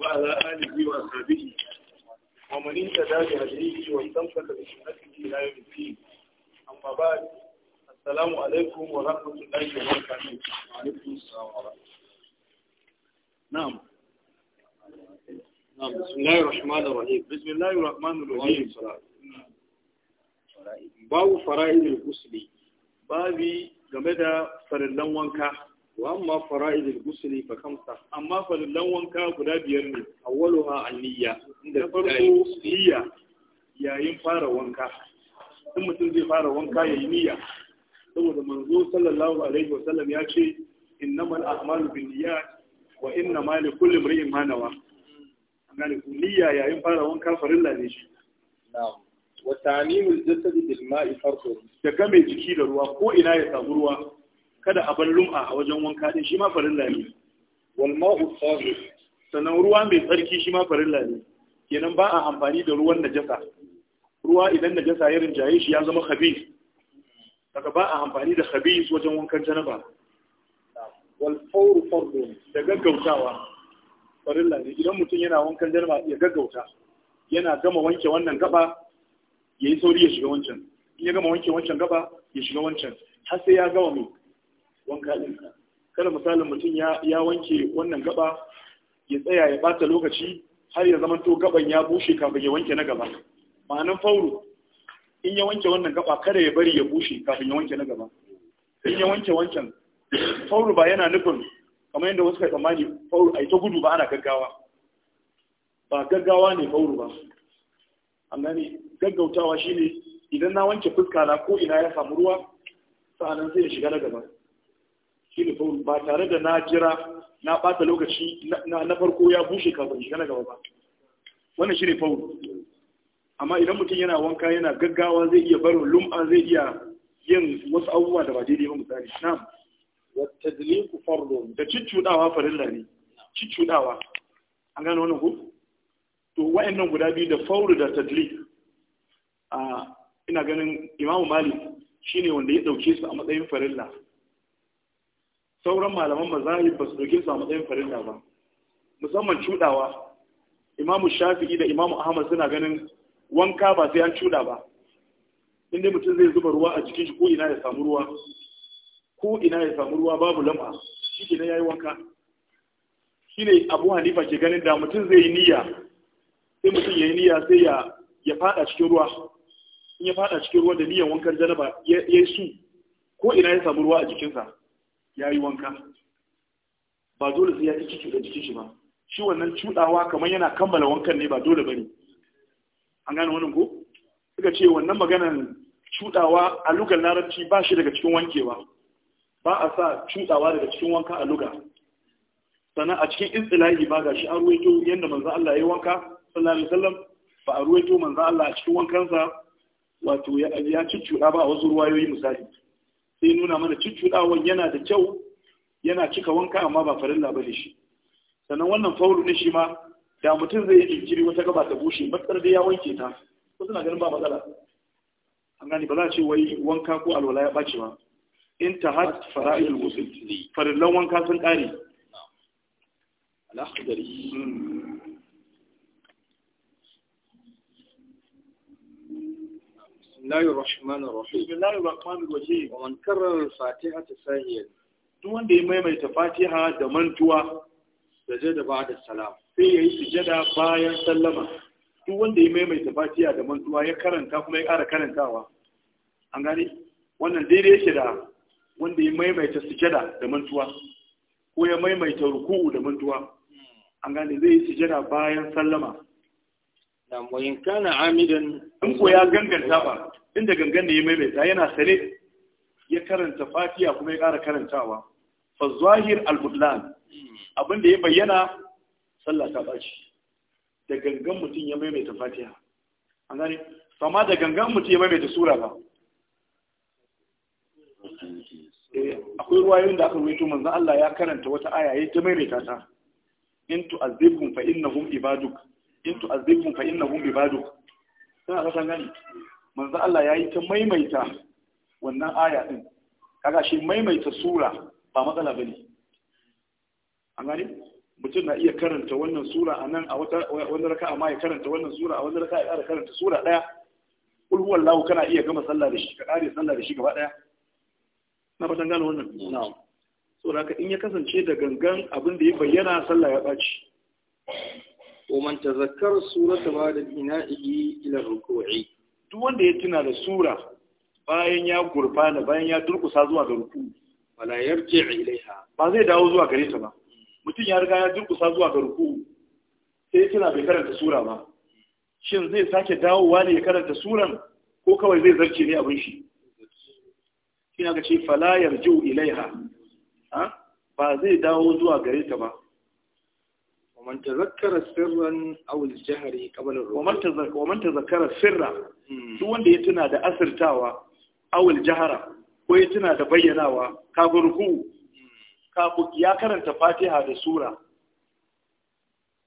وعلى آله وأصحابه ومن اهتدى بهديه واستمسك بسنته إلى يوم الدين أما بعد السلام عليكم ورحمة الله وبركاته وعليكم السلام ورحمة نعم نعم بسم الله الرحمن الرحيم بسم الله الرحمن الرحيم babu fara'idul ghusli babi game da farillan wanka wa amma fara'idul ghusli fa khamsa amma farillan wanka guda biyar ne awwaluha an-niyya inda farko niyya yayin fara wanka in mutum zai fara wanka yayi niyya saboda manzo sallallahu alaihi wa sallam ya ce innamal a'malu binniyat wa inna ma li kulli imrin ma nawa annan niyya yayin fara wanka farilla ne shi na'am wa ta'limul jasadi bil ma'i farqu da game jiki da ruwa ko ina ya samu ruwa kada a bar lum'a a wajen wanka din shi ma farilla ne wal ma'u tahir sanan ruwa mai tsarki shi ma farilla ne kenan ba a amfani da ruwan najasa ruwa idan najasa ya rinjaye shi ya zama khabith daga ba a amfani da khabith wajen wankan janaba wal fawru fardu da gaggautawa farilla ne idan mutum yana wankan janaba ya gaggauta yana gama wanke wannan gaba yayi sauri ya shiga wancan in ya gama wanke wancan gaba ya shiga wancan har sai ya gama mai wanka ɗinka kada misalin mutum ya wanke wannan gaba ya tsaya ya bata lokaci har ya zamanto gaban ya bushe kafin ya wanke na gaba ma'anan fauru in ya wanke wannan gaba kada ya bari ya bushe kafin ya wanke na gaba in ya wanke wancan fauru ba yana nufin kamar yadda wasu kai tsammani fauru a ta gudu ba ana gaggawa ba gaggawa ne fauru ba amma ne gaggautawa shine idan na wanke fuska na ko ina ya samu ruwa sa'anan sai ya shiga na gaba shine faul ba tare da na jira na bata lokaci na farko ya bushe kafin shiga na gaba ba wannan shine faul amma idan mutum yana wanka yana gaggawa zai iya barin lum'a zai iya yin wasu abubuwa da ba daidai ba misali na'am wa tadliku fardun da farin farilla ne ciccudawa an gano wannan ku to wa'annan guda biyu da faul da tadlik a ina ganin imamu malik shine wanda ya dauke su a matsayin farilla sauran malaman mazahib ba su doke su a matsayin farilla ba musamman cudawa imamu shafi'i da imamu ahmad suna ganin wanka ba sai an cuda ba inda mutum zai zuba ruwa a jikin shi ko ina ya samu ruwa ko ina ya samu ruwa babu lamba shi ke ya yi wanka shi ne abu hanifa ke ganin da mutum zai yi niyya sai mutum ya yi niyya sai ya fada cikin ruwa in ya fada cikin ruwa da niyyan wankan janaba ya yi su ko ina ya samu ruwa a jikinsa ya yi wanka ba dole sai ya ci ciki da jikin shi ba shi wannan cudawa kamar yana kammala wankan ne ba dole bane an gane wannan ko suka ce wannan maganan cudawa a lugar larabci ba shi daga cikin wankewa ba a sa cudawa daga cikin wanka a lugar sannan a cikin istilahi ba ga shi an ruwaito yadda manzo Allah ya yi wanka sallallahu alaihi wasallam ba a ruwaito manzo Allah a cikin wankansa wato ya ci cuda ba a wasu ruwayoyi misali sai nuna mana cuccuɗawan yana da kyau yana cika wanka amma ba farilla ba ne shi sannan wannan faulu ne shi ma da mutum zai yi jinkiri wata gaba ta bushe matsar da ya wanke ta ko suna ganin ba matsala an gani ba za a ce wai wanka ko alwala ya ɓace ba in ta har fara'il gusul farillan wanka sun ƙare الله الرحمن الرحيم بسم الله الرحمن الرحيم ومن كرر الفاتحة ساهيا duk wanda ya maimaita fatiha da mantuwa ba ba'da salam sai yayi sujada bayan sallama duk wanda ya maimaita fatiha da mantuwa ya karanta kuma ya ƙara karantawa an gane wannan daidai yake da wanda ya maimaita sujada da mantuwa ko ya maimaita ruku'u da mantuwa an gane zai yi sujada bayan sallama nam wa in kana amidan in ko ya ganganta ba inda gangan ya maimaita yana sare ya karanta fatiha kuma ya ƙara karantawa fa zahir al-budlan abinda ya bayyana sallah ta baci da gangan mutum ya maimaita fatiha an gane sama da gangan mutum ya maimaita sura ba eh, akwai ruwayoyin da aka rubuto manzon Allah ya karanta wata aya ya ta maimaita ta in tu'azzibhum fa innahum ibaduk in tu'azzibhum fa innahum ibaduk ka san gani manzo Allah yayi ta maimaita wannan aya din kaga shi maimaita sura ba matsala bane an gani mutum na iya karanta wannan sura a nan a wani raka'a ma ya karanta wannan sura a wani raka'a ya karanta sura daya kul huwallahu kana iya gama sallah da shi ka kare sallah da shi gaba daya na fatan gane wannan na'am saboda haka in ya kasance da gangan abin da ya bayyana sallah ya ɓaci ومن تذكر السورة بعد انحنائه إلى الركوع duk wanda ya tuna da sura bayan ya gurbana bayan ya durkusa zuwa ga ruku wala yarji ilaiha ba zai dawo zuwa gare ta ba mutum ya riga ya durkusa zuwa ga ruku sai ya tuna bai karanta sura ba shin zai sake dawowa ne ya karanta suran ko kawai zai zarce ne abin shi shi na ga ce fala yarji ilaiha ba zai dawo zuwa gare ta ba ومن تذكر سرا أو الجهر قبل الركوع ومن تذكر ومن تذكر سرا duk wanda ya tuna da asirtawa awul jahara ko ya tuna da bayyanawa kafin ruku ya karanta fatiha da sura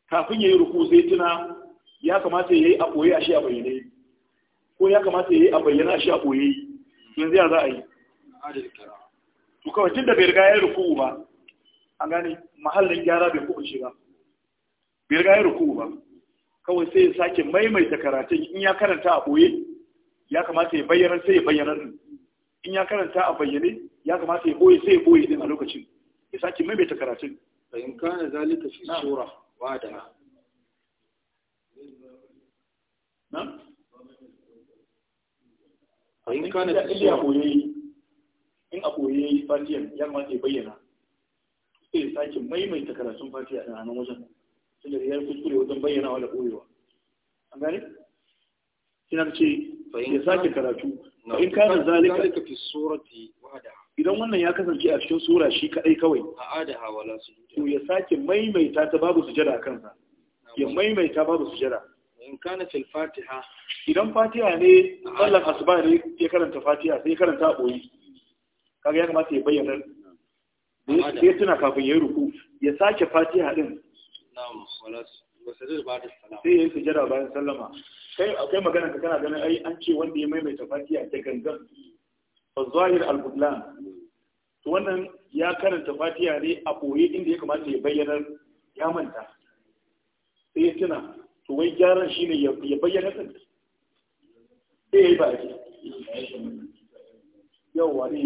kafin ya yi ruku sai tuna ya kamata ya yi a ɓoye a shi a bayyane ko ya kamata ya yi a bayyana a shi a ɓoye yanzu ya za a yi to kawai tun da bai riga ya yi ruku ba an gane mahallin gyara bai kuɓuce ba bai riga ya ruku ba kawai sai ya sake maimaita karatun in ya karanta a ɓoye ya kamata ya bayyana sai ya bayyana din in ya karanta a bayyane ya kamata ya ɓoye sai ya ɓoye din a lokacin ya sake maimaita karatun bayan kana zalika fi sura wa ka na bayan kana fi sura in a ɓoye fatiyan ya kamata ya bayyana sai ya sake maimaita karatun fatiya a nan wajen tunda ya yi kuskure wajen bayyana da koyewa an gane sai ce ya sake karatu in kana zalika fi surati wahda idan wannan ya kasance a cikin sura shi kadai kawai a a'adaha wala su to ya sake maimaita ta babu sujada a kansa ya maimaita babu sujada in kana fil fatiha idan fatiha ne sallan asuba ne ya karanta fatiha sai ya karanta boyi kaga ya kamata ya bayyana da ya tuna kafin ya ruku ya sake fatiha din sai ya yi sujada bayan sallama kai akwai magana ka kana ganin ai an ce wanda ya maimaita fatiha ta gangan fa zahir al-budlan to wannan ya karanta fatiha ne a boye inda ya kamata ya bayyana ya manta sai ya tuna to wai gyaran ne ya bayyana din sai ya yi ba baki yawa ne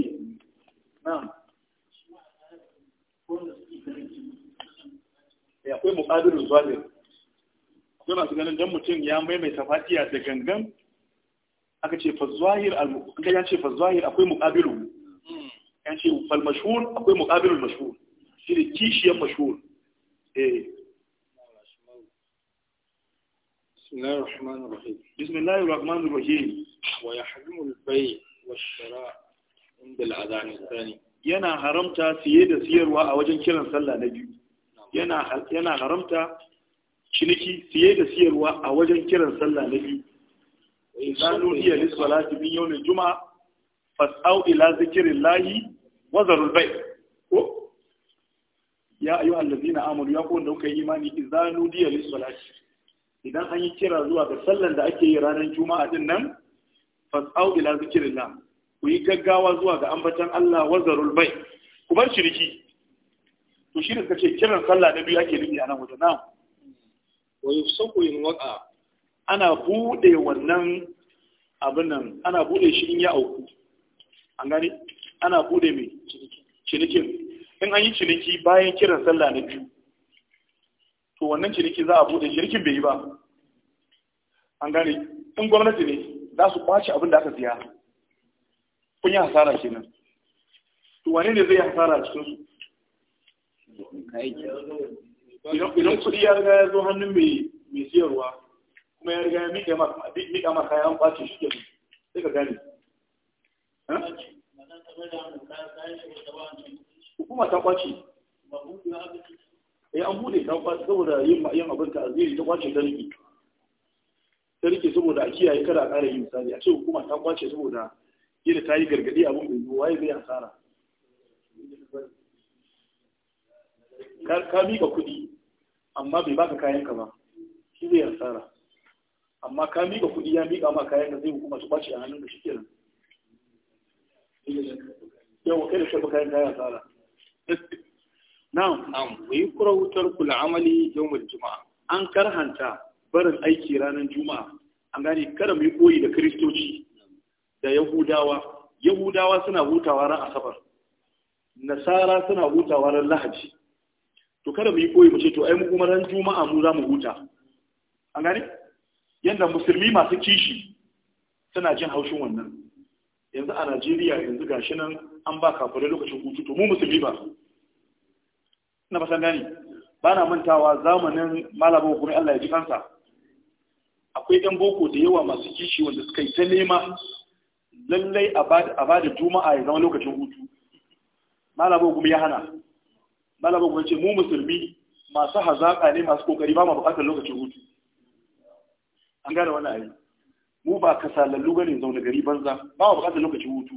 na Eh, akwai muƙadirin zahir akwai masu ganin don mutum ya maimaita fatiya da gangan aka ce fa aka ya ce fa zahir akwai muƙabiru ya hmm. ce fal mashhur akwai muƙabirin mashhur shi ne kishiyar mashhur eh بسم الله الرحمن الرحيم بسم الله الرحمن الرحيم ويحرم البيع والشراء عند الأذان الثاني yana haramta siye da siyarwa a wajen kiran sallah na biyu yana haramta ciniki fiye da siyarwa a wajen kiran sallah na biyu zanu iya lissalati min yawmin juma'a fas'au ila zikrillahi wa zarul bay ko ya ayu allazina amanu ya ku kuka yi imani izanu diya lissalati idan an yi kira zuwa ga sallan da ake yi ranar juma'a din nan fas'au ila zikrillah ku yi gaggawa zuwa ga ambatan Allah wa zarul bay ku bar ciniki to shi suka ce kiran sallah na biyu ake nufi a nan wajen nan wa yusabu in waqa ana bude wannan abin nan ana bude shi in ya auku an gani ana bude mai cinikin in an yi ciniki bayan kiran sallah na biyu to wannan ciniki za a bude cinikin bai yi ba an gani, in gwamnati ne za su kwace abin da aka siya kun yi hasara kenan to wane ne zai hasara cikin su idan kuɗi ya riga ya zo hannun mai kuma ya riga ya kwace sai ka gane hukuma ta eh, an saboda yin abin ta ta saboda a kiyaye kada a ƙara yi misali a ce hukuma ta kwace saboda yadda ta yi gargaɗi abin bai yi waye zai asara ka miƙa kuɗi amma bai baka kayan ka ba shi zai hasara amma ka miƙa kuɗi ya miƙa ma kayan ka zai hukuma su ɓace a hannun ke nan. Yau kai da shi kayan ya hasara na'am na'am wa yi kura wutar kula amali yawmul juma'a an karhanta barin aiki ranar juma'a an gane kada mu yi koyi da kiristoci da yahudawa yahudawa suna hutawa ran asabar nasara suna hutawa ran lahadi to kada mu yi koyi mu ce to ai mu kuma ran juma'a mu za mu huta an gane yanda musulmi masu kishi suna jin haushin wannan yanzu a Najeriya yanzu gashi nan an ba kafirai lokacin hutu to mu musulmi ba na san gani ba na mantawa zamanin malamin hukumin Allah ya ji kansa akwai ɗan boko da yawa masu kishi wanda suka yi ta nema lallai a ba da juma'a ya zama lokacin hutu malamin hukumin ya hana malamin kuma ce mu musulmi masu hazaƙa ne masu kokari ba mu buƙatar lokacin hutu an gane wannan ayi mu ba kasalallu gani zaune gari banza ba mu buƙatar lokacin hutu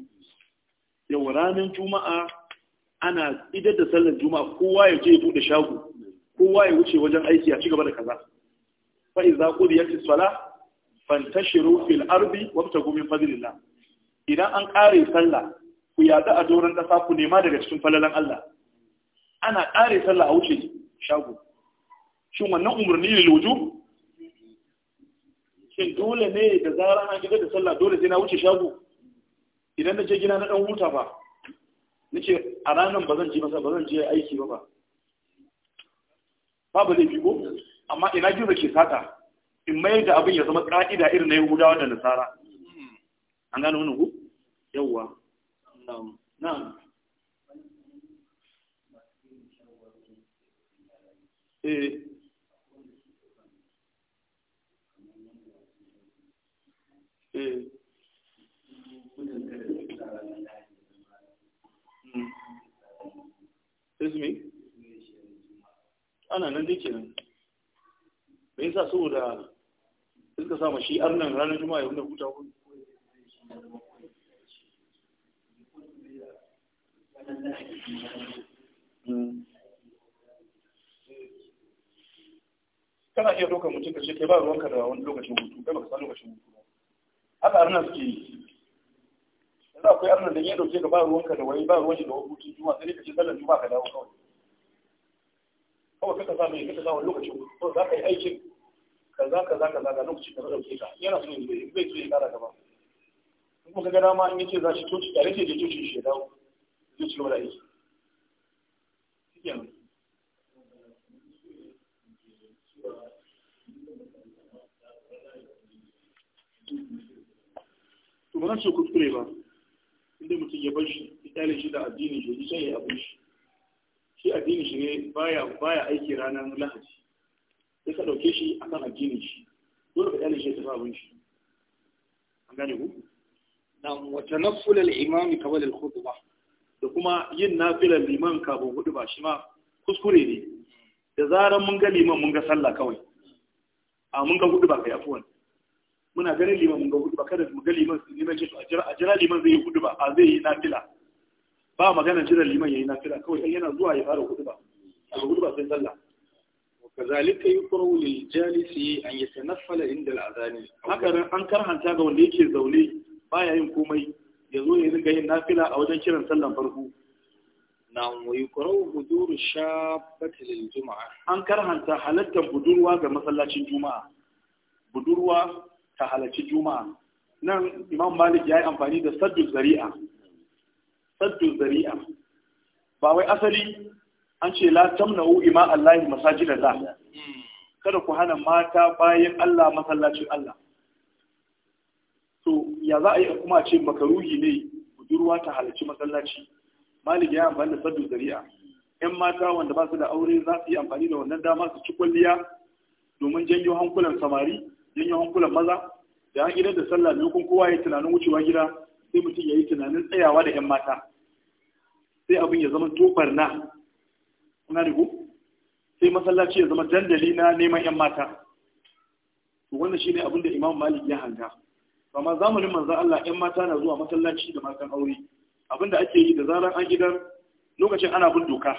yau ranar juma'a ana idar da sallar juma'a kowa ya je ya bude shago kowa ya wuce wajen aiki a cigaba da kaza fa idza qudiyatis salah fantashiru fil ardi wabtagu min fadlillah idan an kare sallah ku yada a doron ƙasa ku nema daga cikin falalan Allah ana ƙare sallah a wuce shago shin wannan umarni ne lojo shin dole ne da zarar an gida da sallah dole sai na wuce shago idan na je gina na ɗan huta ba ce a ranar ba zan je masa ba zan ji aiki ba ba ba zai fi ko amma ina gizo ke sata in mayar da abin ya zama ƙa'ida irin na yahudawa da nasara an gano wani ku yawwa na'am eh eh ismi ana nan dai kenan me yasa saboda suka sa shi arnan ranar juma'a ya kuta ku Mm. kana iya dokar mutum ka ce kai ba ruwanka da wani lokacin hutu kai baka san lokacin hutu ba haka arna suke yi yanzu akwai arna da ya ɗauke ka ba ruwanka da wani ba ruwan da wani hutun juma sai ka ce sallar juma ka dawo kawai kawai kaka sa mai kaka sa wani lokacin hutu za ka yi aikin kaza kaza kaza ga lokacin da ka ɗauke ka yana so ne zai so ya ƙara gaba in kuma ga dama in yace za shi coci tare ce je coci shi ya dawo zai ci gaba da aiki. ban kuskure ba inda mutum ya bar shi ya shi da addini shi sai ya abin shi shi addini shi ne baya baya aiki ranar lahadi sai ka dauke shi akan addini shi dole ka kyale shi ya tafi abin shi an gane ku na wa tanafful al-imam qabla al-khutbah da kuma yin nafilar liman kabin hudu ba shi ma kuskure ne da zarar mun ga liman mun ga sallah kawai a mun ga hudu ba kai afuwan muna ganin liman ga hudu ba kada mu ga liman su liman ce to a jira liman zai yi hudu ba a zai yi nafila ba magana jira liman yayi nafila kawai sai yana zuwa ya fara hudu ba a hudu ba sai sallah وكذلك يقرأ للجالس inda يتنفل عند Haka nan, an karhanta ga wanda yake zaune baya yin komai ya zo ya riga yin nafila a wajen kiran sallan farko Na wa yuqra'u hudur shabbati lil jumaa an karhanta halatta budurwa ga masallacin juma'a budurwa ta halarci juma'a nan imam malik ya yi amfani da saddu zari'a zari'a ba wai asali an ce la tamna'u ima allahi masajidar Allah kada ku hana mata bayan allah masallacin allah to ya za a yi kuma ce makaruhi ne budurwa ta halarci masallaci malik ya amfani da saddu zari'a yan mata wanda ba su da aure za su yi amfani da wannan dama su ci kwalliya domin janyo hankulan samari janyo kula maza da an gidan da sallah ne hukun kowa ya tunanin wucewa gida sai mutum ya yi tunanin tsayawa da 'yan mata sai abin ya zama tofar na kuna da ku sai masallaci ya zama dandali na neman 'yan mata to wannan shine abin da imam malik ya hanga amma zamanin manzo Allah 'yan mata na zuwa masallaci da matan aure abin da ake yi da zarar an gidan lokacin ana bin doka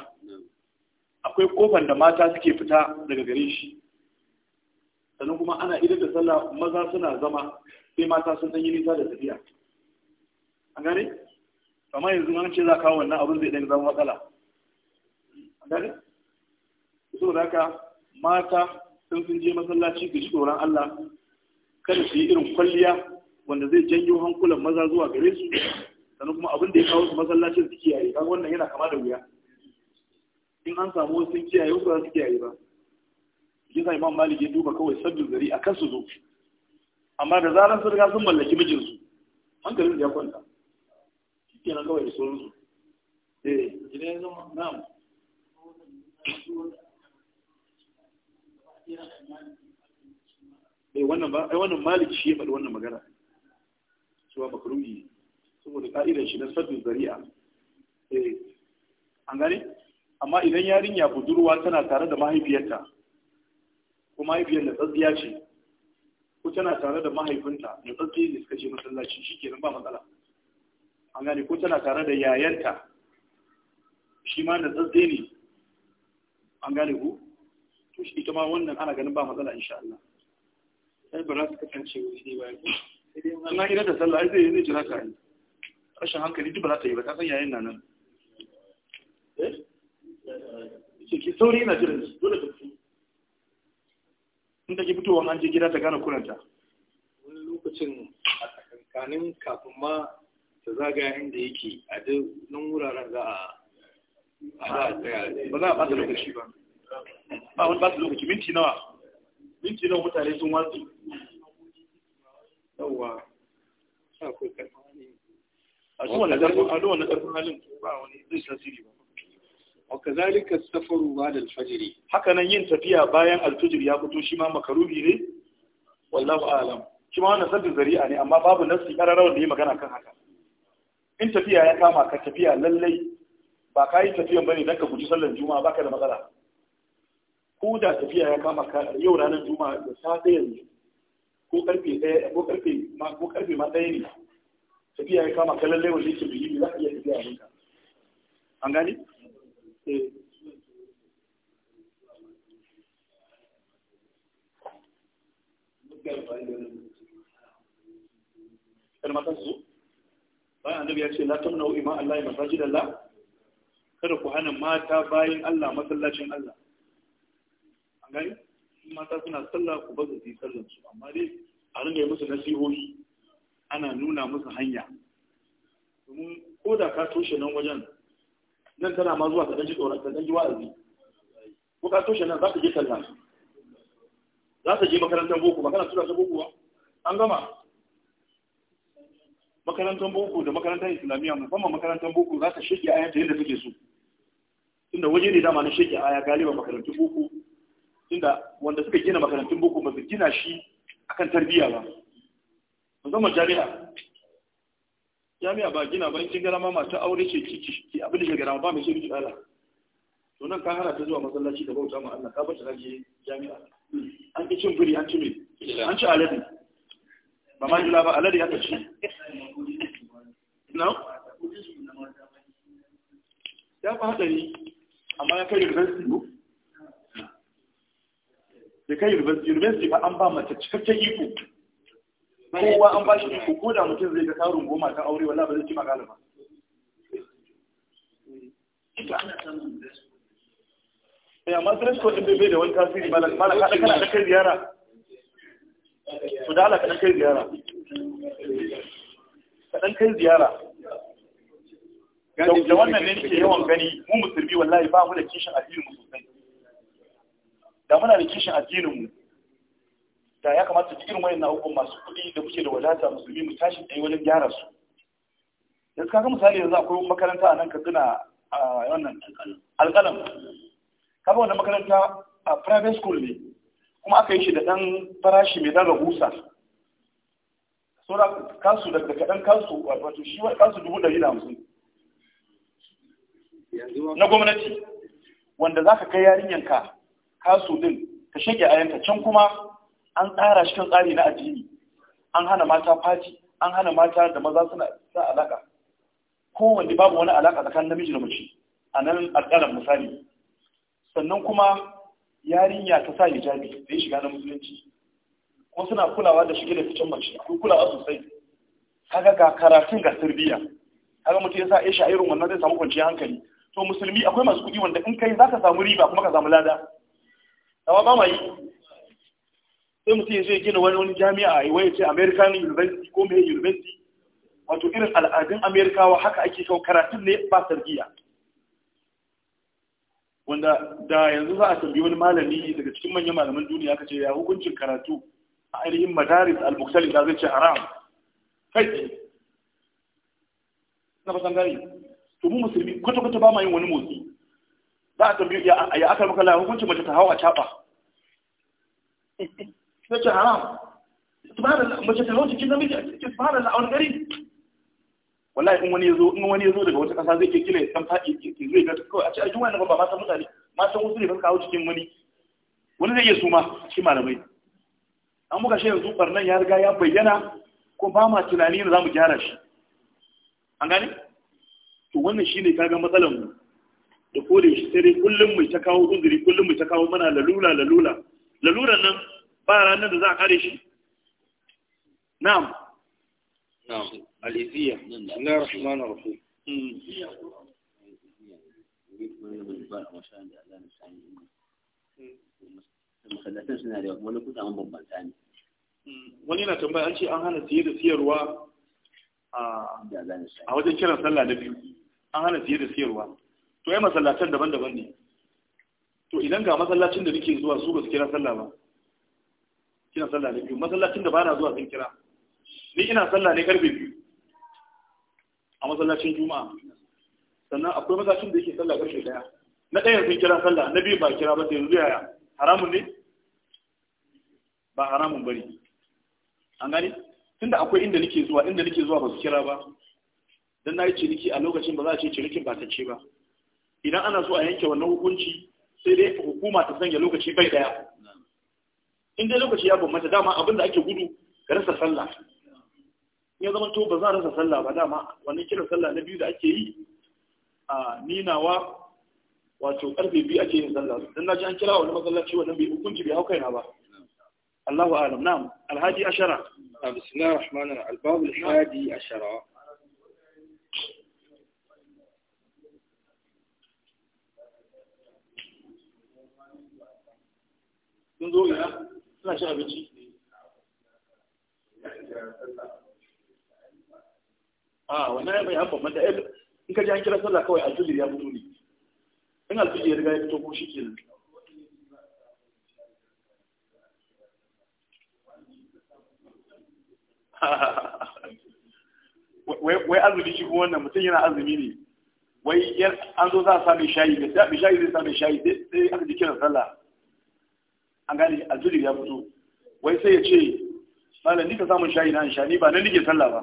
akwai kofar da mata suke fita daga gare shi sannan kuma ana idan da sallah maza suna zama sai mata sun ɗan yi nisa da tafiya an gane amma yanzu an ce za kawo wannan abin zai ɗan zama matsala an gane saboda haka mata sun sun je masallaci su shi tsoron Allah kada su yi irin kwalliya wanda zai janyo hankulan maza zuwa gare su sannan kuma abin da ya kawo su masallacin su kiyaye kaga wannan yana kama da wuya in an samu wasu kiyaye wasu za su kiyaye ba yasa imam malik ya duba kawai sabbin gari a kansu zo amma da zaran sun sun mallaki mijinsu hankalin ya kwanta shi kenan kawai da sauransu eh idan ya zama eh wannan ba wannan malik shi ya faɗi wannan magana cewa makruhi saboda ka'idar shi na sabbin zari'a eh an gani amma idan yarinya budurwa tana tare da mahaifiyarta mahaifiyar da tsatsiya ce ko tana tare da mahaifinta da tsatsiya ne suka je masallaci shi kenan ba matsala an gane ko tana tare da yayanta shi ma da tsatsiya ne an gane ku to shi ita ma wannan ana ganin ba matsala insha Allah sai ba za su kasance wani ne bayan ku amma ina da sallah ai zai zai jira ka yi rashin hankali duk ba za ta yi ba ta san yayin nan nan eh ki sauri ina jiran dole ka in take fitowa an je gida ta gane kuranta wani lokacin a tsakankanin kafin ma ta zagaya inda yake a duk nan wuraren za a ba za a bata lokaci ba ba wani bata lokaci minti nawa minti nawa mutane sun watsu yawwa a wani karfin halin ba wani zai siri ba وكذلك السفر بعد الفجر al ين haka nan yin tafiya bayan شي ما ya fito والله اعلم makaruhi ne wallahu a'lam shi ma wannan sabbin zari'a ne amma babu nasi kararrawar da yi magana kan haka in tafiya ya kama ka tafiya lallai ba ka yi tafiyan bane dan ka guji sallar juma'a baka da matsala ko da tafiya ya kama ka yau ranar juma'a da safe yanzu ko karfe ko karfe ma ko karfe ma ne tafiya ya kama ka lallai wanda yake biyu za ka iya tafiya an gani Kar matan su? Bayan annabi ya ce, La tamna wa ima Allah ya masajid Allah, kada ku hana mata bayan Allah masallacin Allah. An gani? mata suna sallah ku ba su yi sallar su, amma dai a ringa yi musu nasihohi ana nuna musu hanya. Domin ko da ka toshe nan wajen nan tana ma zuwa ta ɗan ji tsoron ta ɗan ji wa'azi ko ka toshe nan za ta je talla. za ta je makarantar boko ba kana tura ta boko ba an gama makarantar boko da makarantar islamiyya musamman makarantar boko za ta shirya aya ta yadda take so tunda waje ne dama na shirya aya galiba makarantar boko tunda wanda suka gina makarantun boko ba su gina shi akan tarbiyya ba musamman jami'a jami'a ba gina ba kin gara ma ta aure ce ciki ki abin da ke gara ba mai ce biki ala to nan ka hana ta zuwa masallaci da bauta ma Allah ka bar ta je jami'a an ki cin biri an ci me an ci alade ba ma jula ba alade aka ci no ya fa ni. amma ya kai university ko da kai university university ba an ba mata cikakken iko kowa an bashi iko ko da mutum zai ga tarun goma ta aure wala ba zai ci magana ba ya eh, ma stress ko din da wani tasiri ba mala kada kana da kai ziyara to da Allah kana kai ziyara kadan kai ziyara da wannan ne nake yawan gani mu musulmi wallahi ba mu da kishin addinin mu sosai da muna da kishin addinin mu da ya kamata duk irin wayannan abubuwan masu kuɗi da kuke da wadata musulmi mu tashi dai wajen gyara su suka ga misali yanzu akwai makaranta a nan ka Katsina a wannan alƙalam kaga wannan makaranta a private school ne kuma aka yi shi da ɗan farashi mai dan rahusa saura kansu daga kaɗan kansu wato shi wa kansu dubu ɗari da hamsin na gwamnati wanda za ka kai yarinyanka kasu din ka shige ayanka can kuma an tsara shi kan tsari na addini an hana mata fati an hana mata da maza suna sa alaka wanda babu wani alaka tsakanin namiji da mace a nan alƙalar misali sannan kuma yarinya ta sa hijabi da ya shiga na musulunci ko suna kulawa da shige da ficen mace akwai kulawa sosai kaga ga karatun ga tarbiyya kaga mutum ya sa ya sha'irin wannan zai samu kwanciyar hankali to musulmi akwai masu kuɗi wanda in kai ka samu riba kuma ka samu lada tawa ba ma yi sai mutum zai gina wani wani jami'a a waye ce american university ko mai university wato irin al'adun amerikawa haka ake kawo karatun ne ba sargiya wanda da yanzu za a tambayi wani malami daga cikin manyan malaman duniya aka ce ya hukuncin karatu a ainihin madaris al-muktali da zai ce haram kai tsaye na fasan gari to mu musulmi kwata-kwata ba ma yin wani motsi za a tambayi ya aka maka la hukuncin mace ta hawa a caba na ce haram subhanallah mace ta hau jikin namiji a cikin subhanallah a wani gari wallahi in wani yazo daga wata kasa zai ke kila ya san faɗi ke zai ga kawai a ce a juma'a ba matan mutane matan wasu ne ba kawo cikin wani wani zai iya suma shi malamai an muka shi yanzu barnan ya riga ya bayyana ko ba ma tunani da za mu gyara shi an gane to wannan shi ne kaga matsalar mu da ko da shi sai dai kullum mai ta kawo uzuri kullum mai ta kawo mana lalula lalula laluran nan ba ranar da za a kare shi na'am na'am alifiya na rahman rahim hmm. wani hmm. na tambaya an ce an hana siye da siyarwa a wajen kiran sallah na biyu an hana siye da siyarwa to yi masallatan daban-daban ne to idan ga masallacin da nake zuwa su ba su kira sallah ba ina sallah na biyu masallacin da bana zuwa sun kira ni ina sallah ne karfe biyu a masallacin juma'a sannan akwai masallacin da yake sallah karfe daya na ɗayan sun kira sallah na biyu ba kira ba sai yanzu yaya haramun ne ba haramun bari an gani tunda akwai inda nake zuwa inda nake zuwa ba su kira ba dan na yi ciniki a lokacin ba za a ce cinikin ba ta ce ba idan ana so a yanke wannan hukunci sai dai hukuma ta sanya lokaci bai daya in dai lokaci ya bambanta dama abin da ake gudu ka rasa sallah ya zama to ba za rasa sallah ba dama Wani kiran sallah na biyu da ake yi a ninawa wato karfe biyu ake yin sallah dan naji an kira wani masallaci wannan bai hukunci bai hauka na ba Allahu a'lam na'am alhaji ashara bismillahir rahmanir rahim albab alhadi ashara sun zo ina suna wannan ya bai haɓa mata eh, in ka ji an kira sallah kawai alfijir ya mutu ne in alfijir ya riga ya fito ko shi ke wai azumi shi kuma wannan mutum yana azumi ne wai an zo za a sami shayi da shayi zai sami shayi sai aka ji sallah an gane alfijir ya fito wai sai ya ce malam ni ka samun shayi na shani ba na nike sallah ba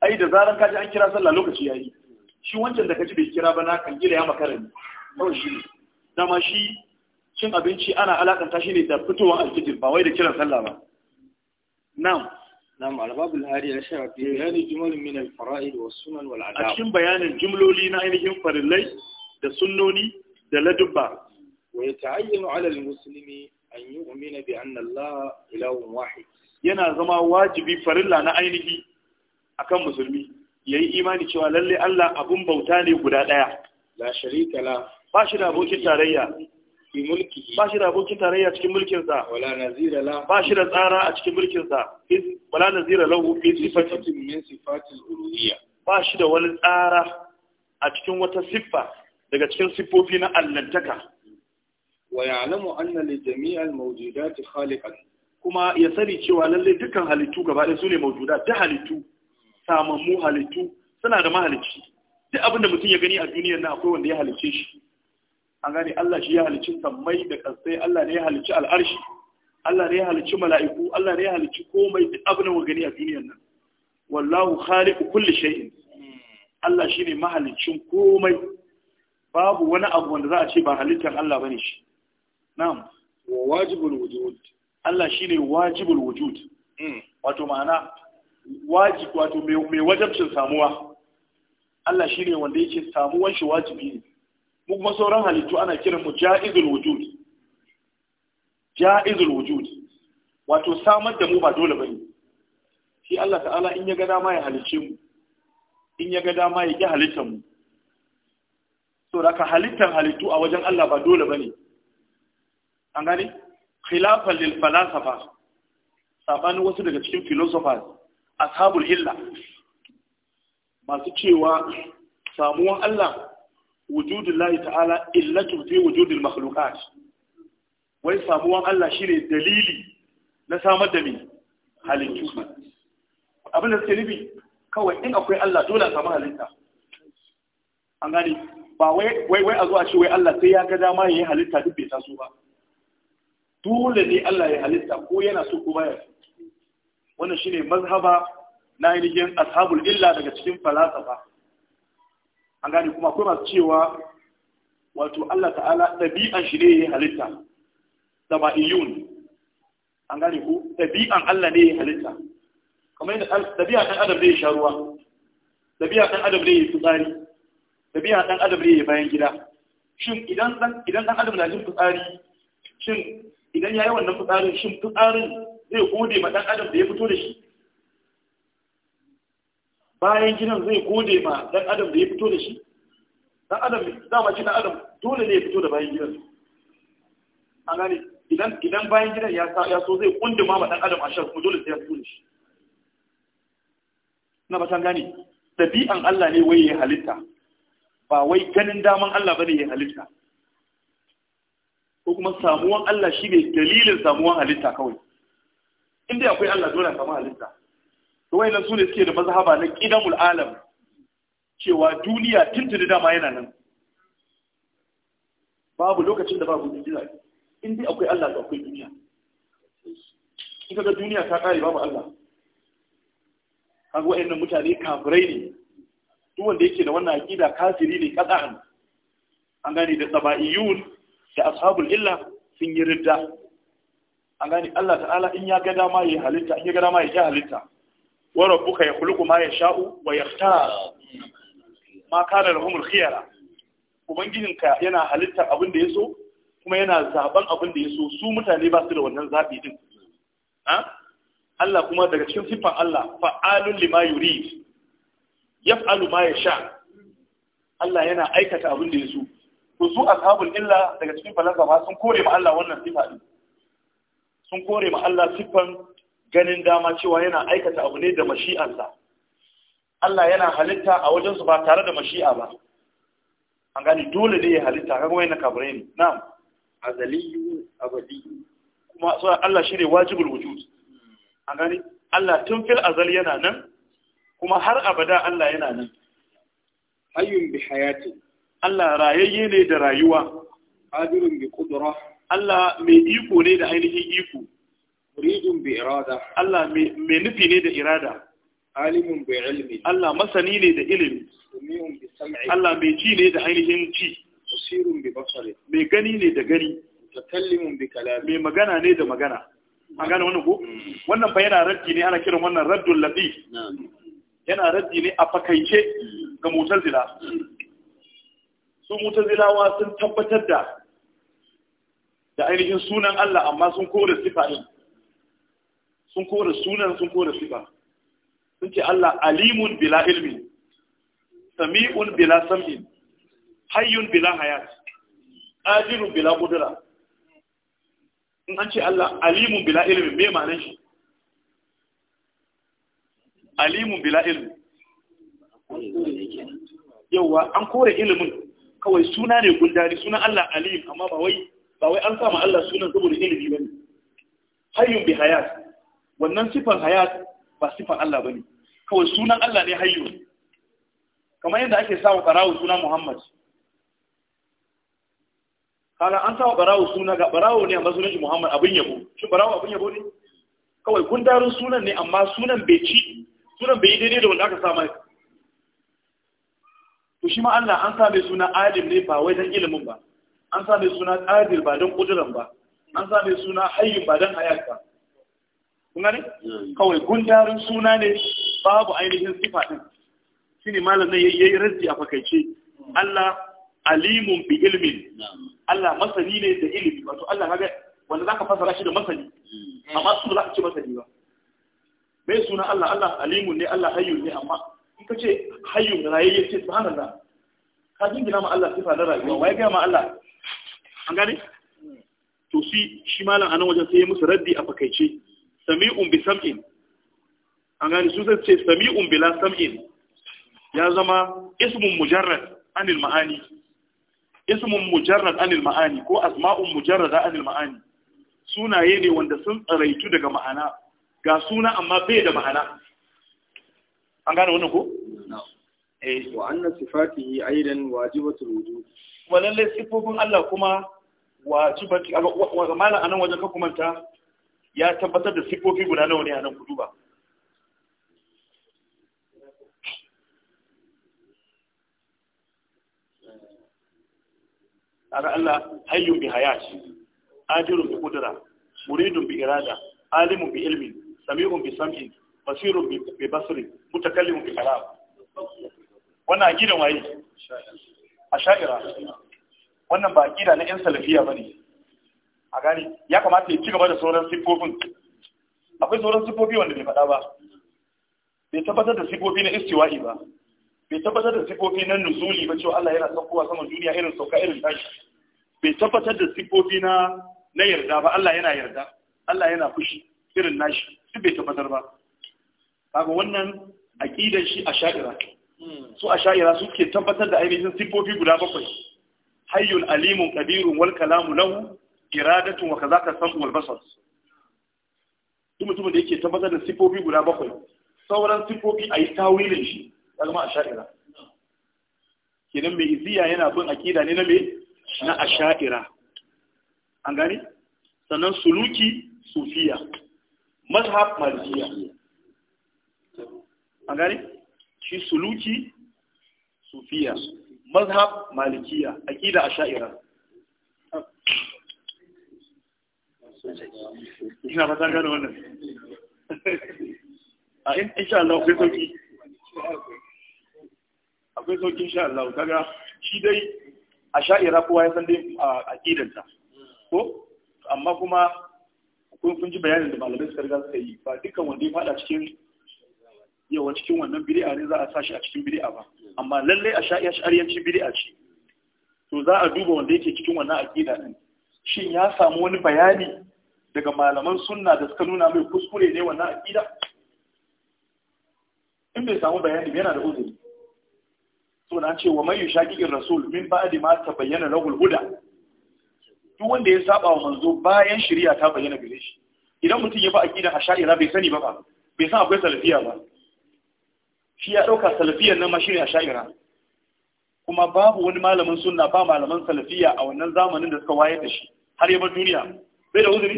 ai da zaran kaji an kira sallah lokaci yayi shi wancan da kaji bai kira ba na kan gida ya makara ne kawai shi dama shi cin abinci ana alakanta shi ne da fitowar alfijir ba wai da kiran sallah ba na'am نعم على باب الهادي أشار في بيان جمل من الفرائض والسنن والعداب أشين بيان الجملولي نعينهم فرلي da sunnoni da ladubba ويتعين على المسلم أن يؤمن بأن الله إله واحد yana zama wajibi farilla na ainihi akan musulmi yayi imani cewa lalle Allah abun bauta ne guda daya la sharika la ba shi da abokin tarayya fi mulki ba shi da abokin tarayya cikin mulkin sa wala nazira la ba shi da tsara a cikin mulkin sa wala nazira la hu fi sifatin min sifatil uluhiyya ba shi da wani tsara a cikin wata siffa daga cikin siffofi na allantaka wa ya'lamu anna li jami'al mawjudati khaliqan kuma ya sani cewa lalle dukkan halittu gaba ɗaya su ne mawjuda ta halittu samammu halittu suna da mahalicci duk abin da mutum ya gani a duniyar nan akwai wanda ya halicce shi an gane Allah shi ya halicci sammai da kasai Allah ne ya halicci al'arshi Allah ne ya halicci mala'iku Allah ne ya halicci komai duk abin da muka gani a duniyar nan wallahu khaliqu kulli shay'in Allah shine mahaliccin komai babu wani abu wanda za a ba halittar Allah bane shi na'am wa wajibul wujud Allah shine wajibul wujud hmm. wato ma'ana wajib wato mai wajabcin samuwa Allah shine wanda yake samuwan shi wajibi ne mu kuma sauran halittu ana kiran mu ja'izul wujud ja'izul wujud wato samar da mu ba dole bane shi Allah ta'ala in ya ga dama ya halicce mu in ya ga dama ya ki halittar mu so da ka halittar halittu a wajen Allah ba dole bane an gane khilafan lil falasafa sabanin wasu daga cikin philosophers ashabul illa masu cewa samuwan Allah wujudin lahi ta'ala illatu fi wujudin makhluqat wai samuwan Allah shine dalili na samar da me halittu abin da suke nufi kawai in akwai Allah dole a samu halitta an gane ba wai wai a zuwa ce wai Allah sai ya ga dama yayin halitta duk bai taso ba dole ne Allah ya halitta ko yana so ko baya so wannan shine mazhaba na ainihin ashabul illa daga cikin falsafa an gane kuma akwai masu cewa wato Allah ta'ala dabi'an shi ne ya halitta saba'iyun an gane ku ɗabi'an Allah ne ya halitta kamar yadda ɗabi'a ɗan adam ne ya sha ruwa ɗabi'a ɗan adam ne ya fitsari ɗabi'a ɗan adam ne ya bayan gida shin idan ɗan adam na jin fitsari shin idan ya yi wannan fitsarin shi fitsarin zai gode ma ɗan adam da ya fito da shi bayan jinan zai gode ma ɗan adam da ya fito da shi ɗan adam dama ci ɗan adam dole ne ya fito da bayan gidan a gane idan bayan gidan ya so zai kundi ma ɗan adam a shan kuma dole sai ya fito da shi na ba gane ɗabi'an Allah ne wai ya halitta ba wai ganin daman Allah bane ya halitta ko kuma samuwan Allah shi ne dalilin samuwan halitta kawai in dai akwai Allah dole samu halitta to wayannan su ne suke da mazhaba na qidamul alam cewa duniya tuntuni dama yana nan babu lokacin da babu duniya in dai akwai Allah da akwai duniya in ga duniya ta kare babu Allah kaga wayannan mutane kafirai ne duk wanda yake da wannan aqida kafiri ne kada'an an gane da sabaiyun da ashabul illa sun yi ridda an gani Allah ta'ala in ya ga dama ya halitta in ya ga dama ya halitta wa rabbuka yakhluqu ma yasha'u wa yakhtar ma kana lahumul khiyara yana halitta abin da yaso kuma yana zaban abin da yaso su mutane ba su da wannan zabi din Allah kuma daga cikin siffan Allah fa'alun lima yurid yaf'alu ma yasha Allah yana aikata abin da yaso su ashabul illa daga cikin falsafa sun kore ma Allah wannan sifa din sun kore ma Allah siffan ganin dama cewa yana aikata abu ne da mashi'ansa Allah yana halitta a wajensu ba tare da mashi'a ba an gani dole ne ya halitta kan wayan na kafirai ne na'am azaliyu abadi kuma so Allah shine wajibul wujud an gani Allah tun fil azali yana nan kuma har abada Allah yana nan hayyun bi hayatihi Allah rayayye ne da rayuwa qadirun bi qudrah Allah mai iko ne da ainihin iko muridun bi irada Allah mai nufi ne da irada alimun bi ilmi Allah masani ne da ilimi bi sam'i Allah mai ci ne da ainihin ci basirun bi basari mai gani ne da gani mutakallimun bi kalami mai magana ne da magana magana wannan ko mm. wannan fa yana raddi ne ana kiran wannan raddul na'am yana raddi ne a fakaice ga mutazila mm. su mutazilawa sun tabbatar da da ainihin sunan Allah amma sun kore sifa din sun kore sunan sun kore sifa sun ce Allah alimun bila ilmi sami'un bila sam'in hayyun bila hayat qadirun bila qudra in an ce Allah alimun bila ilmi me ma'anar shi alimun bila ilmi yauwa an kore ilimin kawai suna ne guldari sunan Allah alim amma ba wai ba wai an sama Allah sunan saboda ilimi bane hayyun bi hayat wannan sifan hayat ba sifan Allah bane kawai sunan Allah ne hayyu kamar yadda ake sawa barawo suna Muhammad kana an sawa barawo suna ga barawo ne amma sunan Muhammad abin yabo shi barawo abin yabo ne kawai gundarin sunan ne amma sunan bai ci sunan bai yi daidai da wanda aka sa mai to shi ma Allah an sa mai suna alim ne ba wai dan ilimin ba an sa mai suna adil ba dan kuduran ba an sa mai suna hayyin ba dan hayat ba kun gane hmm. kawai gundarin suna ne babu ainihin sifa din shine malam ne yayi razzi a fakaice Allah alimun bi ilmin Allah masani ne da ilimi wato Allah kaga wanda zaka fasara shi da masani hmm. amma su ba za ka ce masani ba mai suna Allah Allah alimun ne Allah hayyun ne amma ka ce hayyun rayayye ce subhanallah ka jingina ma Allah sifa na rayuwa ya gaya ma Allah an gane to shi shi malam anan wajen sai ya musu raddi a fakaice sami'un bi sam'in an gane su zai ce sami'un bila sam'in ya zama ismun mujarrad anil ma'ani ismun mujarrad anil ma'ani ko asma'un mujarrada anil ma'ani sunaye ne wanda sun tsaraitu daga ma'ana ga suna amma bai da ma'ana an gane wannan ko eh wa anna yi aidan wajibatul wujud Wa lalle sifofin Allah kuma wajibati wa malan anan wajen kakumanta ya tabbatar da sifofi guda nawa ne a nan kudu ba Ara Allah hayyu bi hayashi ajirun bi kudura, muridun bi irada alimun bi ilmin sami'un bi sam'in basiru bi basri mutakallimu bi kalam wannan gidan waye asha'ira wannan ba aqida na yan salafiya bane a gani ya kamata ya ci gaba da sauran sifofin akwai sauran sifofi wanda bai faɗa ba bai tabbatar da sifofi na istiwa'i ba bai tabbatar da sifofi na nuzuli ba cewa Allah yana saukowa saman duniya irin sauka irin tashi bai tabbatar da sifofi na na yarda ba Allah yana yarda Allah yana fushi irin nashi duk bai tabbatar ba kaga wannan aqidar shi a sha'ira hmm. su a sha'ira suke tabbatar da ainihin sifofi guda bakwai hayyul alimun qadirun wal kalamu lahu iradatun wa kazaka samu wal basar duk mutumin da yake tabbatar da sifofi guda bakwai sauran sifofi a yi tawilin shi ya zama a sha'ira kenan mai iziya yana bin aƙida ne na me na a sha'ira an gani sannan suluki sufiya mazhab malikiya an gane shi suluki sufiya mazhab malikiya aqida asha'ira ina ta gano wannan a insha Allah akwai sauki akwai sauki insha Allah kaga shi dai asha'ira kuwa ya san dai aqidarsa ko amma kuma kun ji bayanin da malamai suka riga suka yi ba dukkan wanda ya fada cikin yawa cikin wannan bid'a ne za a sashi a cikin bid'a ba amma lalle a sha'i ash'ariyanci bid'a ce to za a duba wanda yake cikin wannan aqida din shin ya samu wani bayani daga malaman sunna da suka nuna mai kuskure ne wannan aqida in bai samu bayani yana da uzuri to na ce wa man yushaqiqir rasul min ba'di ma tabayyana lahul huda duk wanda ya saba wa manzo bayan shari'a ta bayyana gare shi idan mutum ya ba aqida sha'ira, bai sani ba ba bai san akwai salafiya ba shi ya ɗauka salafiyar nan ma shi ne a sha'ira kuma babu wani malamin suna ba malaman salafiya a wannan zamanin da suka wayar da shi har yabar duniya bai da uzuri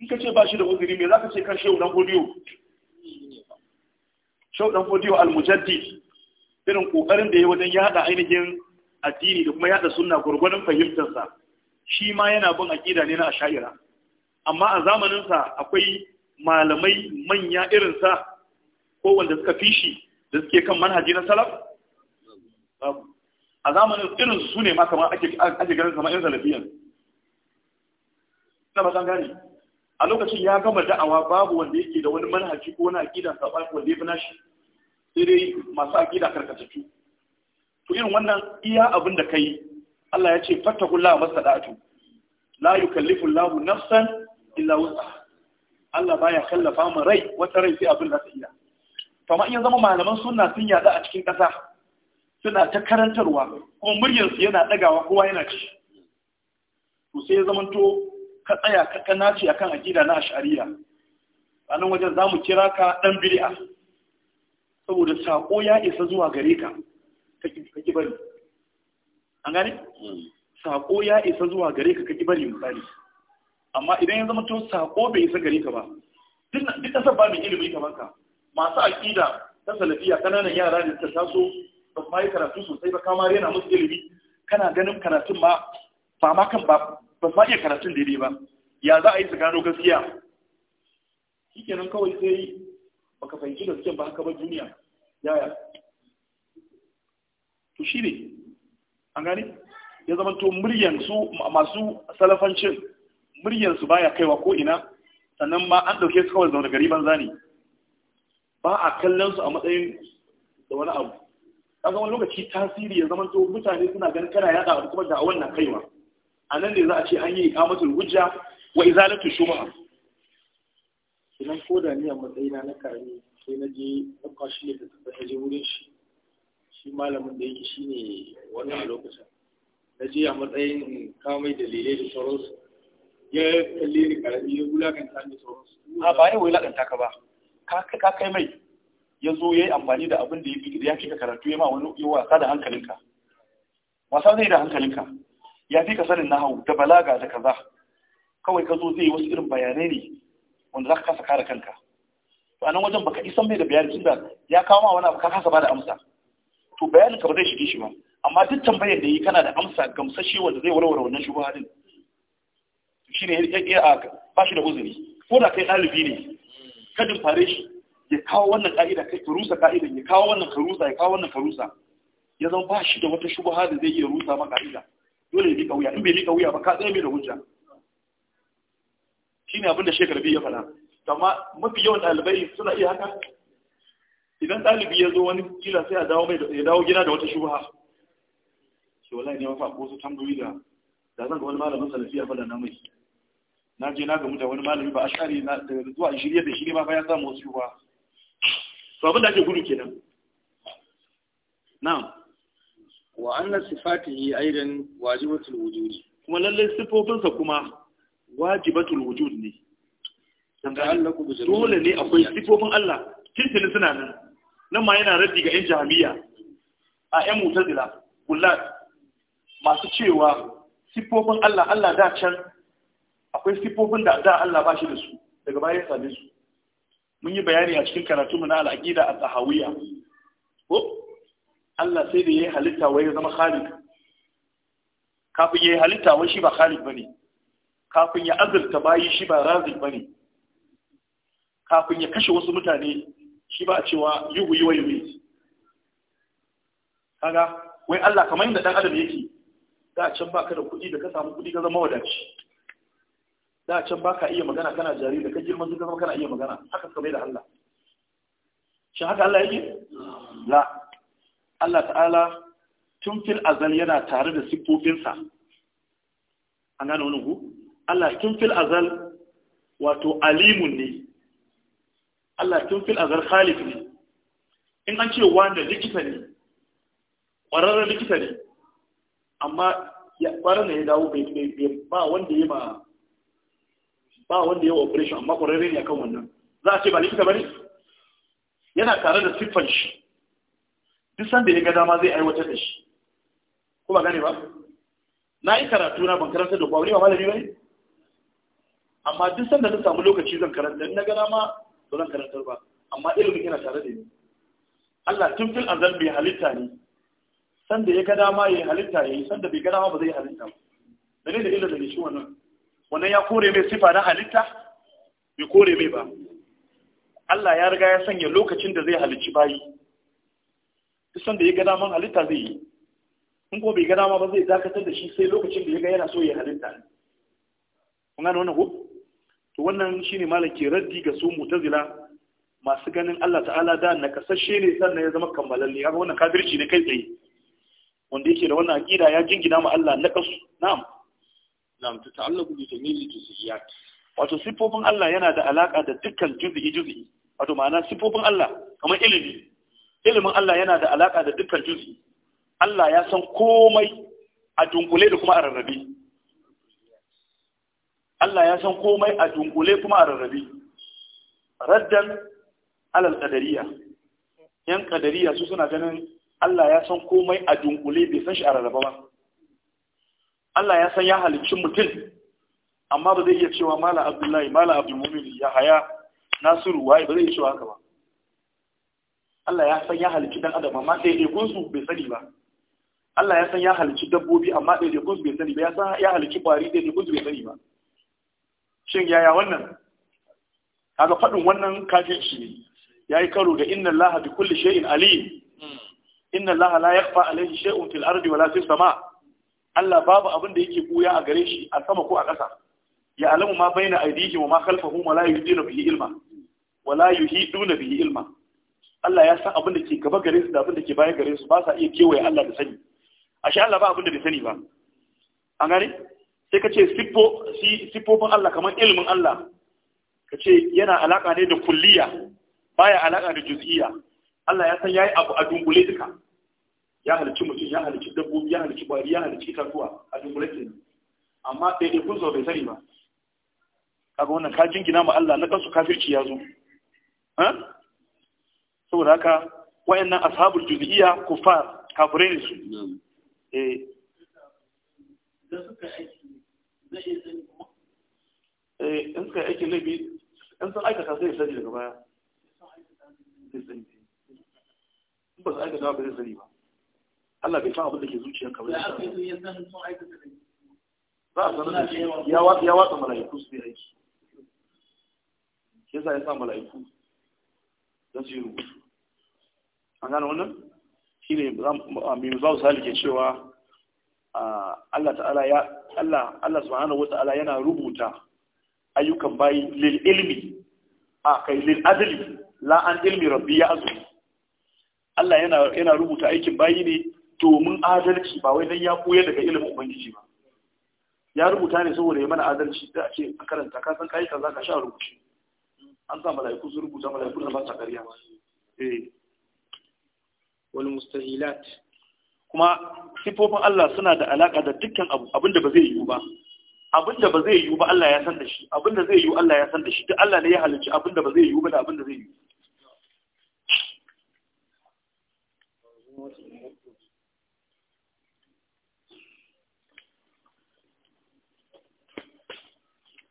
in ka ce ba shi da uzuri me za ka ce kan shehu dan hodiyo shehu dan almujaddi irin kokarin da ya wajen yada ainihin addini da kuma yada suna gwargwadon fahimtarsa shi ma yana bin aƙida ne na asha'ira amma a zamaninsa akwai malamai manya irinsa ko wanda suka fi shi da suke kan manhaji na salaf a zamanin irin su ne ma kamar ake ganin kamar yan salafiyan na ba gane a lokacin ya gama da'awa babu wanda yake da wani manhaji ko wani aqida saban wanda yafi nashi sai dai masu aqida karkatattu to irin wannan iya abin da kai Allah ya ce fattakullahu masada'atu la yukallifu Allahu nafsan illa wus'aha Allah baya kallafa mu rai wata rai sai abin da ta iya to iya zama malaman suna sun yada a cikin ƙasa suna ta karantarwa kuma muryarsu yana ɗagawa kowa yana ci to sai ya zamanto ka tsaya ka kana ce akan aqida na ash'ariya sanan wajen zamu kira ka dan bid'a saboda sako ya isa zuwa gare ka kake kake bari an gane mm. sako ya isa zuwa gare ka kake bari misali amma idan ya zama to sako bai isa gare ka ba duk kasar ba mai ilimi ka ka masu aƙida ta salafiya kananan yara ne suka taso ba su ma yi karatu sosai ba kama rena musu ilimi kana ganin karatun ma ba ma kan ba ba su ma iya karatun daidai ba ya za a yi su gano gaskiya kenan kawai sai baka fahimci gaskiya ba haka ba duniya yaya to shi ne an gane ya zama to muryansu masu salafancin muryansu baya kaiwa ko ina sannan ma an ɗauke su kawai zaune gari banza ne ba a kallon su a matsayin da wani abu kaga wani lokaci tasiri ya zama to mutane suna ganin kana yada abu kuma da wannan kaiwa a nan ne za a ce an yi ikamatul hujja wa izalatu shubha idan ko da ni a matsayina na karami sai na je na kwashi ne da tabbata je wurin shi shi malamin da yake shine wannan lokacin na je a matsayin kamai dalilai da sauransu ya kalli ni karami ya wulakanta ni sauransu a ba ya wulakanta ka ba ka kai mai ya zo ya yi amfani da abin da ya fi ka karatu ya ma wani wasa da hankalinka wasa zai da hankalinka ya fi ka sanin na hau, da balaga da kaza kawai ka zo zai yi wasu irin bayanai ne wanda za ka kasa kare kanka to a nan wajen baka isan mai da bayani tunda ya kawo ma wani abu ka kasa ba da amsa to bayanin ka ba zai shige shi ba amma duk tambayar da yi kana da amsa gamsashe wanda zai warware wannan shubha din ne ya ba shi da uzuri ko da kai ɗalibi ne kadin fare shi ya kawo wannan ka'ida kai ka rusa ka'idan ya kawo wannan ka rusa ya kawo wannan ka rusa ya zama ba shi da wata shubha da zai iya rusa ma ka'ida dole ya bi kauya in bai bi kauya ba ka tsaye mai da hujja shine abin da shekar biyu ya faɗa amma mafi yawan ɗalibai suna iya haka idan ɗalibi ya zo wani kila sai a dawo mai ya dawo gida da wata shubha shi wallahi ne mafi ko su tambayoyi da da zan ga wani malamin salafiya faɗa na mai na je na gamu da wani malami ba ashari na daga zuwa shirye da shirye ba ya samu wasu ba to abin da ake gudu kenan na wa anna sifatihi aidan wajibatul wujudi kuma lalle sifofinsa kuma wajibatul wujud ne dole ne akwai sifofin Allah tintini suna nan nan ma yana raddi ga 'yan jami'a a 'yan mutazila kullat masu cewa sifofin Allah Allah da can akwai sifofin da da Allah ba shi da su daga baya ya same su mun yi bayani a cikin karatu mu na al'aqida a tahawiyya ko Allah sai da yayi halitta wai ya zama khaliq kafin yayi halitta wai shi ba khaliq bane kafin ya azurta bayi shi ba razik bane kafin ya kashe wasu mutane shi ba a cewa yuhu yi wayo kaga wai Allah kamar yadda dan adam yake da can baka da kuɗi da ka samu kuɗi ka zama wadaci da can baka iya magana kana jari da ka girma zuka kana iya magana haka ka bai da Allah shin haka Allah yake la Allah ta'ala tun fil azal yana tare da sifofinsa an gane wani ku Allah tun fil azal wato alimun ne Allah tun fil azal khalif ne in an ce wanda likita ne ƙwararren likita ne amma ƙwararren ya dawo bai ba wanda ya ma ba wanda ya operation amma ƙwararre ne akan wannan za a ce ba likita ba ne yana tare da siffan shi duk sanda ya ga dama zai aiwatar da shi kuma gane ba na yi karatu na ban karanta da kwari ba malami ba ne amma duk sanda na samu lokaci zan karanta na ga dama ba zan karanta ba amma ilimin yana tare da ni Allah tun fil azal bai halitta ne sanda ya ga dama ya halitta ya yi sanda bai ga dama ba zai halitta ba dalilin da ilimin da shi wannan wannan ya kore mai sifa na halitta bai kore mai ba Allah ya riga ya sanya lokacin da zai halicci bayi duk da ya ga man halitta zai yi in ko bai ga dama ba zai dakatar da shi sai lokacin da ya ga yana so ya halitta kun gane wannan ko to wannan shine malam ke raddi ga su mu'tazila masu ganin Allah ta'ala da na kasashe ne sannan ya zama kammalalle haka wannan kafirci ne kai tsaye wanda yake da wannan aqida ya jingina ma Allah na kasu na'am nam ta ta'allaku bi tamyizi juz'iyat wato sifofin Allah yana da alaka da dukkan juz'i juz'i wato ma'ana sifofin Allah kamar ilimi ilimin Allah yana da alaka da dukkan juz'i Allah ya san komai a dunkule da kuma a rarrabe Allah ya san komai a dunkule kuma a rarrabe raddan alal qadariyya yan qadariyya su suna ganin Allah ya san komai a dunkule bai san shi a rarraba ba Allah ya san ya halicci mutum amma ba zai iya cewa mala abdullahi mala abdulmumin ya haya nasiru waye ba zai iya cewa haka ba Allah ya san ya halicci dan adam amma ɗaiɗaikun su bai sani ba Allah ya san ya halicci dabbobi amma ɗaiɗaikun su bai sani ba ya san ya halicci ƙwari ɗaiɗaikun su bai sani ba shin yaya wannan kaga faɗin wannan shi ne yayi karo da inna allaha bi kulli shay'in alim hmm. inna allaha la yakhfa alayhi shay'un fil ardi wala fis sama' Allah babu abin da yake buya a gare shi a sama ko a ƙasa ya alamu ma bayna aidihi wa ma khalfahu wa la yuhiduna bihi ilma wa la yuhiduna bihi ilma Allah ya san abin da ke gaba gare su da abin da ke baya gare su ba sa iya kewaye Allah da sani ashe Allah ba abin da bai sani ba an gane sai ka ce sifo sifofin Allah kamar ilmin Allah ka ce yana alaka ne da kulliya baya alaka da juz'iyya Allah ya san yayi abu a dunkule duka ya halicci mutum ya halicci dabbobi ya halicci bari ya halicci kasuwa a dumbulakin amma ɗaiɗai kun bai sani ba kaga wannan ka jingina ma Allah na kansu kafirci ya zo saboda haka wayannan ashabul juziya kufar kafirai ne su eh eh in suka aiki laifi in sun aikata zai sani daga baya in ba su aikata ba zai sani ba Allah bai san abin da ke zuciyar ka ba za a sanar da shi ya watsa mala'iku su bai aiki sa ya sa mala'iku don su yi rubutu an gane wannan shi ne mai za su hali ke cewa Allah ta'ala ya Allah Allah subhanahu wata'ala yana rubuta ayyukan bayi lil ilmi a kai lil adli la an ilmi rabbi ya azu Allah yana rubuta aikin bayi ne domin adalci ba wai dan ya koyar daga ilimin ubangiji ba ya rubuta ne saboda ya mana adalci da ake a karanta ka san kai kaza ka sha rubuce an sa malaiku su rubuta malaiku na ba sa ƙarya eh wal mustahilat kuma sifofin Allah suna da alaka da dukkan abu abinda ba zai yiwu ba abinda ba zai yiwu ba Allah ya san da shi abinda zai yiwu Allah ya san da shi duk Allah ne ya halicci abinda ba zai yiwu ba da abinda zai yiwu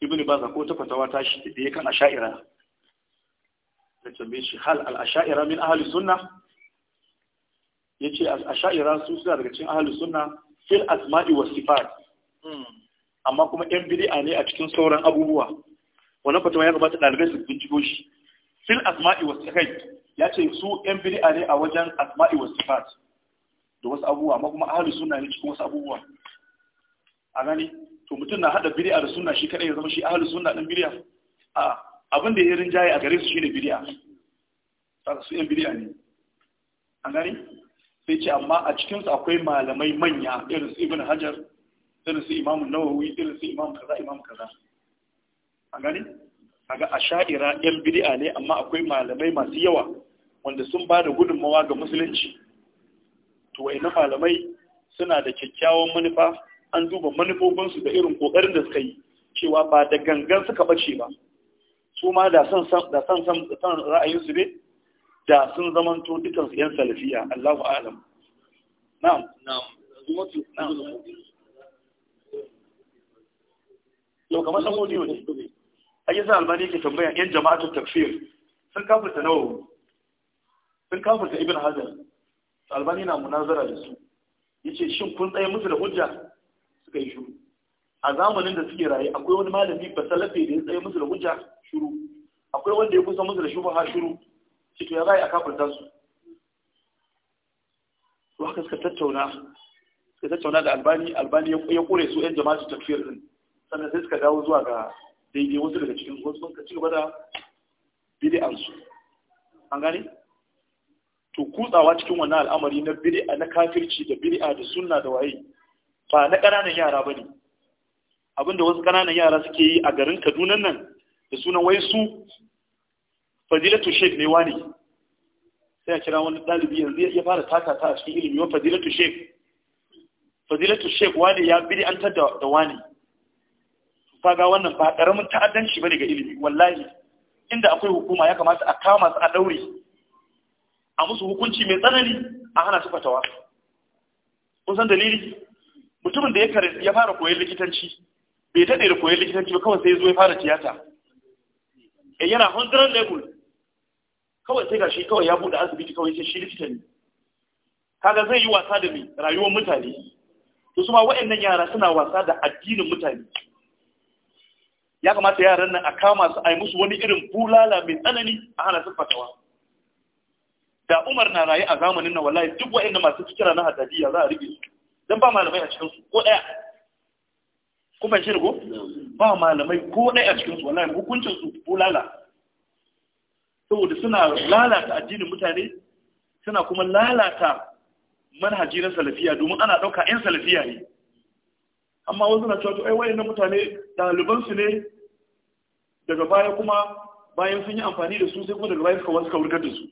ibn baza ko ta fatawa ta shi da yake kan asha'ira da tambaye shi hal al asha'ira min ahli sunna yace al asha'ira su suna daga cikin ahli sunna fil asma'i was sifat hmm. amma kuma yan bid'a ne a cikin sauran abubuwa wannan fatawa ya gabata dalibai su binciko shi fil asma'i was sifat yace su yan bid'a ne a wajen asma'i was sifat da wasu abubuwa amma kuma ahli sunna ne cikin wasu abubuwa a gani to mutum na hada bid'a da sunna shi kadai ya zama shi ahlus sunna din bid'a a abin da ya rinjaye a gare su shine bid'a tsara su yan bid'a ne a gani sai ce amma a cikin su akwai malamai manya irin su ibn hajar irin su imam nawawi irin su imam kaza imam kaza a gani kaga sha'ira yan bid'a ne amma akwai malamai masu yawa wanda sun ba da gudunmawa ga musulunci to wayannan malamai suna da kyakkyawan manufa an duba manufofinsu da irin ƙoƙarin da suka yi cewa ba da gangan suka ɓace ba su ma da san san ra'ayinsu ne da sun zamanto su 'yan salafiya Allahu alam na'am na'am yau kamar san audio ne a yi sa albani ke tambaya 'yan jama'atun tafsir sun kafirta nawa sun kafirta ibn hajar albani na munazara da su yace shin kun tsaye musu da hujja suka yi shuru a zamanin da suke raye akwai wani malami ba salafe da ya tsaye musu da hujja shuru. akwai wanda ya kusa musu da ha shuru. cikin ya zai a kafirta su to haka suka tattauna suka tattauna da albani albani ya kore su yan jama'a su tafiyar din sannan sai suka dawo zuwa ga daidai wasu daga cikin wasu suka ci gaba da bid'ansu an gane to kutsawa cikin wannan al'amari na bid'a na kafirci da bid'a da sunna da waye ba na ƙananan yara ba ne abinda wasu ƙananan yara suke yi a garin kadunan nan da sunan wai su fadilatu sheik ne wani sai a kira wani ɗalibi yanzu ya fara taka a cikin ilimi wa fadilatu sheik fadilatu sheik wani ya biri an da wani faga wannan ba ƙaramin ta'addanci ba ne ga ilimi wallahi inda akwai hukuma ya kamata a kama su a ɗaure a musu hukunci mai tsanani a hana su fatawa kun san dalili mutumin da ya fara koyon likitanci bai daɗe da koyon likitanci ba kawai sai zo ya fara tiyata e yana hundred level kawai sai gashi kawai ya buɗe asibiti kawai sai shi likita ne kaga zai yi wasa da mai rayuwar mutane to su ma waɗannan yara suna wasa da addinin mutane ya kamata yaran nan a kama su a yi musu wani irin bulala mai tsanani a hana su fatawa da umar na raye a zamanin nan wallahi duk waɗanda masu fikira na hadadiya za a rike su dan ba malamai a cikin su ko daya kuma ban shi ko ba malamai ko ɗaya a cikin su wallahi hukuncin su lala. saboda suna lalata addinin mutane suna kuma lalata manhaji na salafiya domin ana dauka yan salafiya ne amma wasu na cewa ai wayannan mutane ɗaliban su ne daga baya kuma bayan sun yi amfani da su sai kuma daga baya suka wasu da su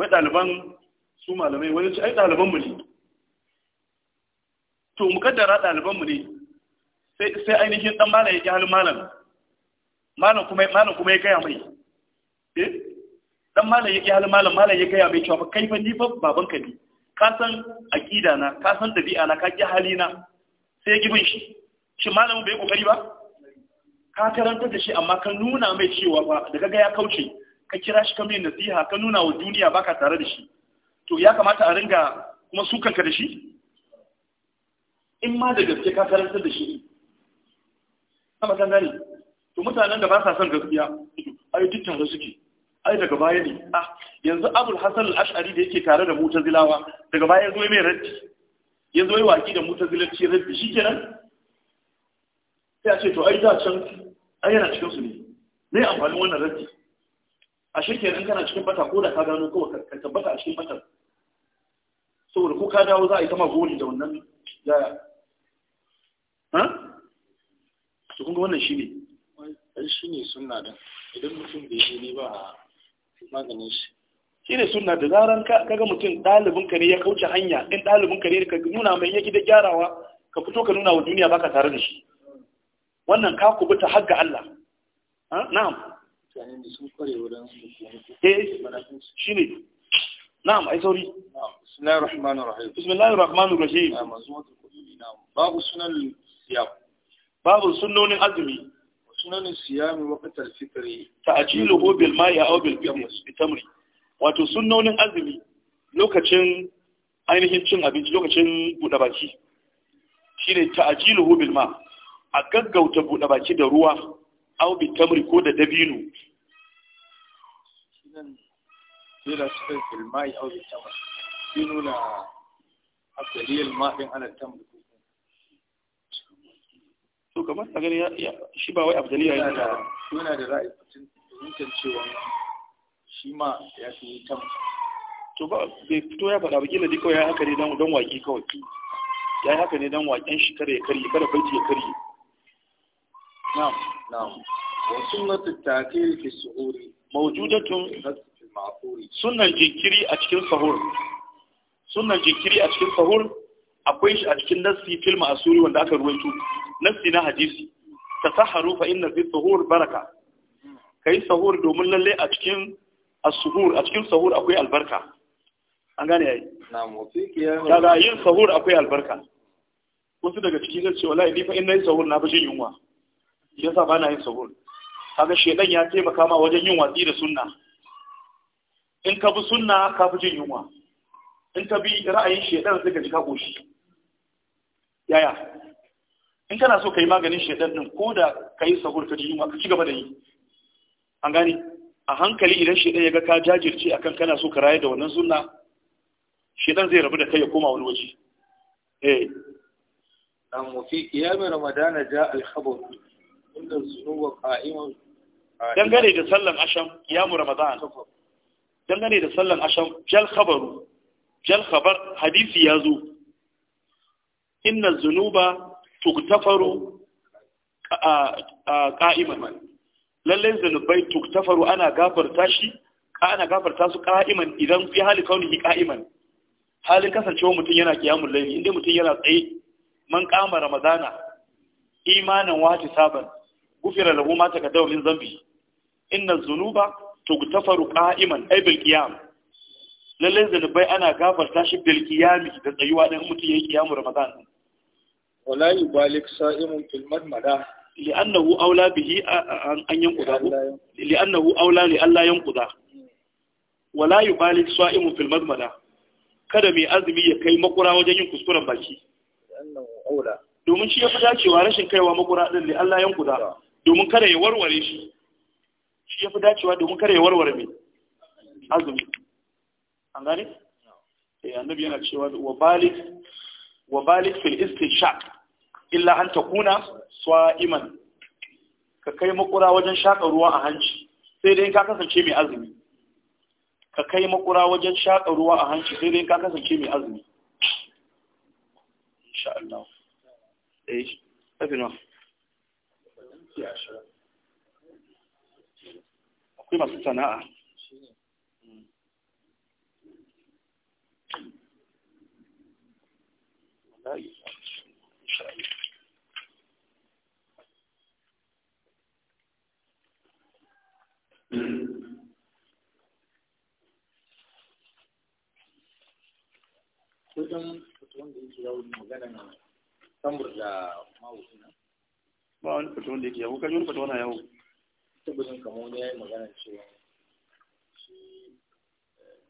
wai ɗaliban su malamai wani ce ai ɗaliban mu ne to mu kaddara ɗaliban mu ne sai ainihin dan malam ya halin malam malam kuma malam kuma ya gaya mai eh dan malam ya halin malam malam ya gaya mai cewa kai fa ni fa baban ka ne ka san aqida na ka san dabi'a na ka ki halina sai ya ki bin shi shi malamin bai kokari ba ka karanta da shi amma ka nuna mai cewa ba da kaga ya kauce ka kira shi ka mai nasiha ka nuna wa duniya baka tare da shi to ya kamata a ringa kuma sukanka da shi in ma da gaske ka karanta da shi sama kan gani to mutanen da ba sa son gaskiya ai dukkan tare suke ai daga baya ne ah yanzu abul hasan al-ash'ari da yake tare da mutazilawa daga baya zo mai raddi ya zo waki da mutazilanci raddi shikenan sai a ce to ai da can ai yana cikin su ne me amfanin wannan raddi a shirkenan kana cikin bata ko da ka gano kawai ka tabbata a cikin bata saboda ko ka dawo za a yi ta magoli da wannan yaya ha to kun ga wannan wani shi ne suna da idan mutum bai yi ba maganin shi ne suna da zarar ka kaga mutum dalibin ka ne ya kauce hanya ɗin dalibin ka ne ka nuna mai yake da gyarawa ka fito ka nuna wa duniya baka tare da shi wannan ka kubuta har ga Allah na'am mutane da sun kware wurin eh na'am ai sauri bismillahir rahmanir rahim bismillahir rahmanir rahim babu sunan siyam babu sunnonin azumi sunanin siyami waqtar fitri ta'jiluhu bil ma'i aw bil tamri wato sunnonin azumi lokacin ainihin cin abinci lokacin buɗe baki shine ta'jiluhu bil ma a gaggauta buɗe baki da ruwa aw bi tamri ko da dabino To kamar a gani shi ba wai ya yi da yana da ra'ayi fahimtar cewa shi ma ya fi yi tam to ba bai fito ya faɗa ba kila dai kawai ya haka ne don waƙi kawai ya yi haka ne don waƙen shi kare ya karye kada baiti ya karye na'am na'am wa sunnatu ta'khir fi su'uri mawjudatun sunan jinkiri a cikin sahur sunan jinkiri a cikin sahur akwai shi a cikin nassi fil ma'suri wanda aka ruwaito nassi na hadisi tasaharu fa inna fi suhur baraka kai sahur domin lalle a cikin as-suhur a cikin sahur akwai albarka an gane yayi na'am kaga yin sahur akwai albarka wasu daga ciki zai ce wallahi ni fa in nayi sahur na fi jin yunwa yasa ba na yin sahur kaga shedan ya taimaka ma wajen yin watsi da sunna in ka bi sunna ka fi jin yunwa in ka bi ra'ayin shedan sai ka ji ka koshi yaya in kana so ka yi maganin shaidan din ko da ka yi sahur ka ji yunwa ka ci gaba da yi an gane a hankali idan shaidan ya ga ka jajirce akan kana so ka raye da wannan sunna shaidan zai rabu da kai ya koma wani waje eh dan mufi kiyamar ramadana ja al-khabar inda zunuba dangane da sallan asham kiyamu ramadan dangane da sallan asham jal khabaru jal khabar hadisi ya zo inna zunuba tuktafaru ƙa'iman lallai zunubai tuktafaru ana gafarta shi ana gafarta su ƙa'iman idan fi hali kaunihi ƙa'iman halin kasancewa mutum yana kiyamun laili inda mutum yana tsaye man kama ramadana imanin wati saban gufira lahu ma takaddawa min zambi inna zunuba tuktafaru qa'iman ay bil qiyam lalle zanubai ana gafarta shi bil da tsayuwa dan mutum yayi kiyamun Ramadana. wala yubalik sa'imun fil madmada li'annahu aula bihi an yanquda li'annahu aula li alla yanquda wala yubalik sa'imun fil madmada kada mai azumi ya kai makura wajen yin kuskuren baki domin shi ya fi dacewa rashin kaiwa makura din li yan kuda domin kada ya warware shi shi ya fi dacewa domin kada ya warware mai azumi an gane? annabi yana cewa wa balik wa balik fil istinshaq illa an takuna sa'iman ka kai makura wajen shaƙa ruwa a hanci sai dai ka kasance mai azumi ka kai makura wajen shaƙa ruwa a hanci sai dai ka kasance mai azumi insha Allah eh abinu akwai masu sana'a لا يزال إن fitowar da yake yawon magana na samur da mawuzi na ba wani fitowar da yake yawo kaji wani fitowar na yawo tabbatin kamar wani ya yi magana cewa eh,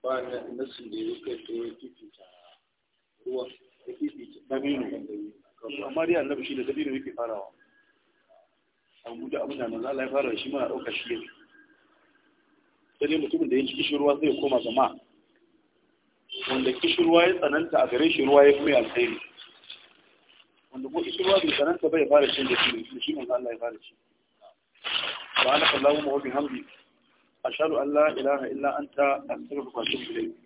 ba na nasin da ya kai ta ya ruwan dabino amma dai annabi shi da dabino yake farawa an buɗe abin da manzo Allah ya fara shi mana ɗaukar shi yau sai dai mutumin da ya ci kishin ruwa zai koma zama wanda kishirwa ya tsananta a gare shi ruwa ya fi mai alkhairi wanda ko kishin bai tsananta bai fara shi da shi shi manzo Allah ya fara ci subhanaka allahumma wa bihamdika ashhadu an la ilaha illa anta astaghfiruka wa atubu ilayk